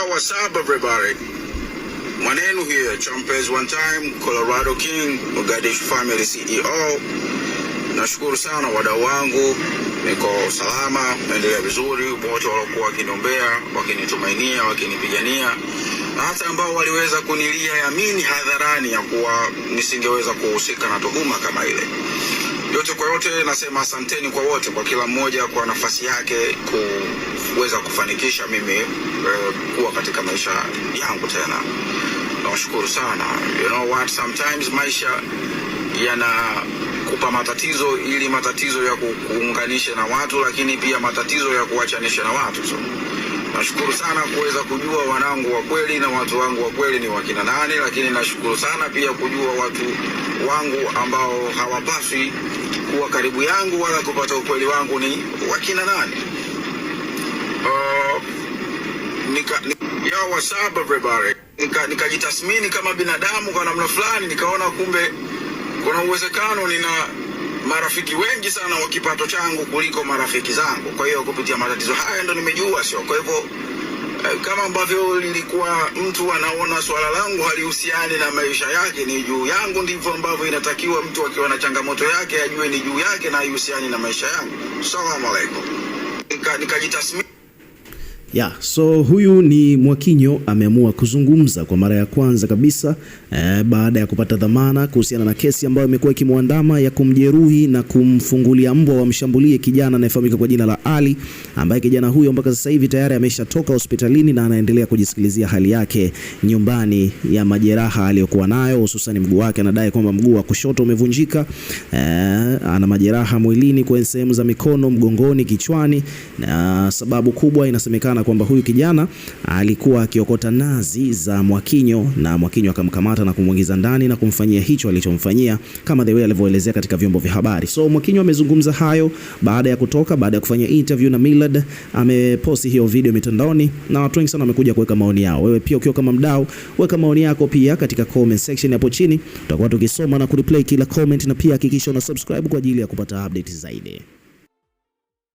Now, what's up, everybody? name here, Champers One Time, Colorado King, Mogadish Family CEO. Nashukuru sana wadau wangu, niko salama, naendelea vizuri. Wote waliokuwa wakiniombea, wakinitumainia, wakinipigania, na hata ambao waliweza kunilia yamini hadharani ya kuwa nisingeweza kuhusika na tuhuma kama ile kwa yote nasema asanteni kwa wote, kwa kila mmoja kwa nafasi yake kuweza kufanikisha mimi uh, kuwa katika maisha yangu tena. Nawashukuru sana. You know what, sometimes maisha yanakupa matatizo ili matatizo ya kuunganisha na watu, lakini pia matatizo ya kuwachanisha na watu so. Nashukuru sana kuweza kujua wanangu wa kweli na watu wangu wa kweli ni wakina nani, lakini nashukuru sana pia kujua watu wangu ambao hawapaswi kuwa karibu yangu wala kupata ukweli wangu ni wakina nani? Uh, nika, nika, ya nika, kama binadamu kwa namna fulani, nikaona kumbe kuna uwezekano nina marafiki wengi sana wa kipato changu kuliko marafiki zangu. Kwa hiyo kupitia matatizo haya ndo nimejua, sio kwa hivyo Eh, kama ambavyo lilikuwa mtu anaona swala langu halihusiani na maisha yake, ni juu yangu, ndivyo ambavyo inatakiwa mtu akiwa na changamoto yake ajue ni juu yake na haihusiani na maisha yangu. Salamu alaikum. nikajitasmia nika Yeah, so huyu ni Mwakinyo ameamua kuzungumza kwa mara ya kwanza kabisa eh, baada ya kupata dhamana kuhusiana na kesi ambayo imekuwa ikimwandama ya kumjeruhi na kumfungulia mbwa wamshambulie kijana anayefahamika kwa jina la Ali, ambaye kijana huyo mpaka sasa hivi tayari ameshatoka hospitalini na anaendelea kujisikilizia hali yake nyumbani ya majeraha aliyokuwa nayo, hususan mguu wake. Anadai kwamba mguu wa kushoto umevunjika, eh, ana majeraha mwilini, kwenye sehemu za mikono, mgongoni, kichwani na sababu kubwa inasemekana inasemekana kwamba huyu kijana alikuwa akiokota nazi za Mwakinyo na Mwakinyo akamkamata na kumwingiza ndani na kumfanyia hicho alichomfanyia kama the way alivyoelezea katika vyombo vya habari. So Mwakinyo amezungumza hayo baada ya kutoka, baada ya kufanya interview na Millard, ameposti hiyo video mitandaoni na watu wengi sana wamekuja kuweka maoni yao. Wewe pia ukiwa kama mdau, weka maoni yako pia katika comment section hapo chini, tutakuwa tukisoma na kureplay kila comment, na pia hakikisha una subscribe kwa ajili ya kupata update zaidi.